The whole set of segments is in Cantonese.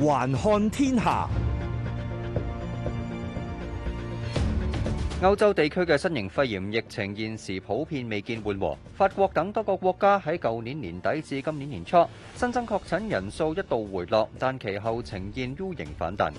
環看天下，歐洲地區嘅新型肺炎疫情現時普遍未見緩和。法國等多個國家喺舊年年底至今年年初新增確診人數一度回落，但其後呈現 U 型反彈。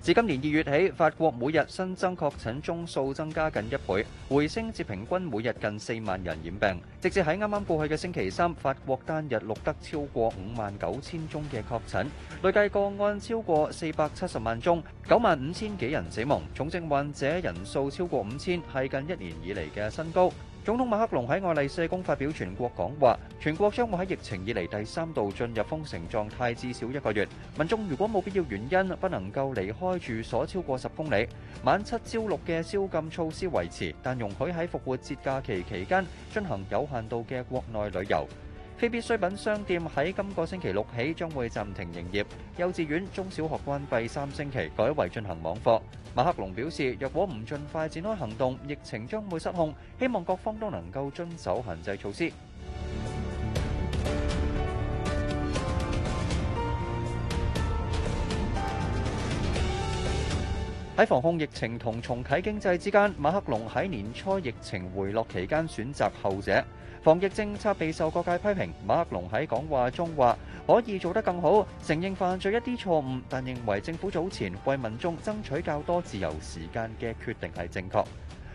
自今年二月起，法國每日新增確診宗數增加近一倍，回升至平均每日近四萬人染病。直至喺啱啱過去嘅星期三，法國單日錄得超過五萬九千宗嘅確診，累計個案超過四百七十萬宗，九萬五千幾人死亡，重症患者人數超過五千，係近一年以嚟嘅新高。總統馬克龍喺愛麗舍宮發表全國講話，全國將會喺疫情以嚟第三度進入封城狀態至少一個月。民眾如果冇必要原因，不能夠離開住所超過十公里。晚七朝六嘅宵禁措施維持，但容許喺復活節假期期間進行有限度嘅國內旅遊。非必需品商店喺今個星期六起將會暫停營業，幼稚園、中小學關閉三星期，改為進行網課。馬克龍表示，若果唔盡快展開行動，疫情將會失控，希望各方都能夠遵守限制措施。喺防控疫情同重啟經濟之間，馬克龍喺年初疫情回落期間選擇後者，防疫政策備受各界批評。馬克龍喺講話中話可以做得更好，承認犯咗一啲錯誤，但認為政府早前為民眾爭取較多自由時間嘅決定係正確。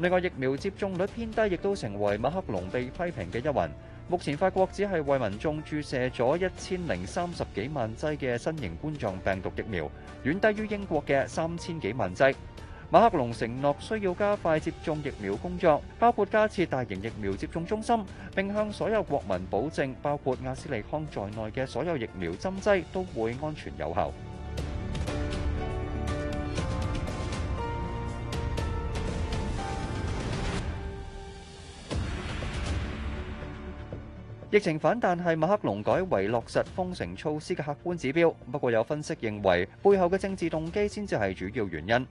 另外，疫苗接種率偏低亦都成為馬克龍被批評嘅一環。目前法國只係為民眾注射咗一千零三十幾萬劑嘅新型冠狀病毒疫苗，遠低於英國嘅三千幾萬劑。馬克龍承諾需要加快接種疫苗工作，包括加設大型疫苗接種中心，並向所有國民保證包括阿斯利康在內嘅所有疫苗針劑都會安全有效。疫情反彈係馬克龍改為落實封城措施嘅客觀指標，不過有分析認為背後嘅政治動機先至係主要原因。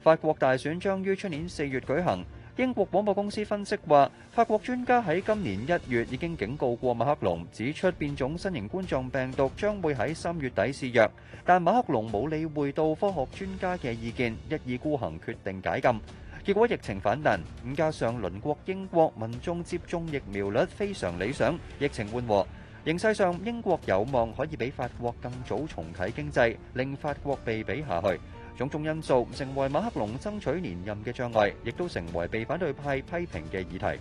法國大選將於出年四月舉行。英國廣播公司分析話，法國專家喺今年一月已經警告過馬克龍，指出變種新型冠狀病毒將會喺三月底肆虐，但馬克龍冇理會到科學專家嘅意見，一意孤行決定解禁。結果疫情反彈，加上鄰國英國民眾接種疫苗率非常理想，疫情緩和。形勢上英國有望可以比法國更早重啟經濟，令法國被比下去。種種因素成為馬克龍爭取連任嘅障礙，亦都成為被反對派批評嘅議題。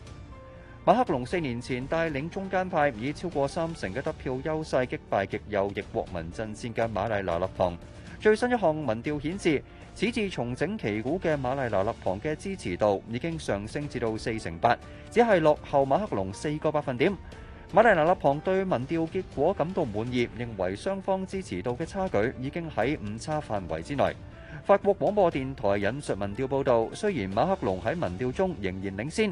馬克龍四年前帶領中間派以超過三成嘅得票優勢擊敗極右翼國民陣線嘅瑪麗娜勒龐。最新一項民調顯示，此次重整旗鼓嘅瑪麗娜勒龐嘅支持度已經上升至到四成八，只係落後馬克龍四個百分點。瑪麗娜勒龐對民調結果感到滿意，認為雙方支持度嘅差距已經喺誤差範圍之內。法國廣播電台引述民調報導，雖然馬克龍喺民調中仍然領先。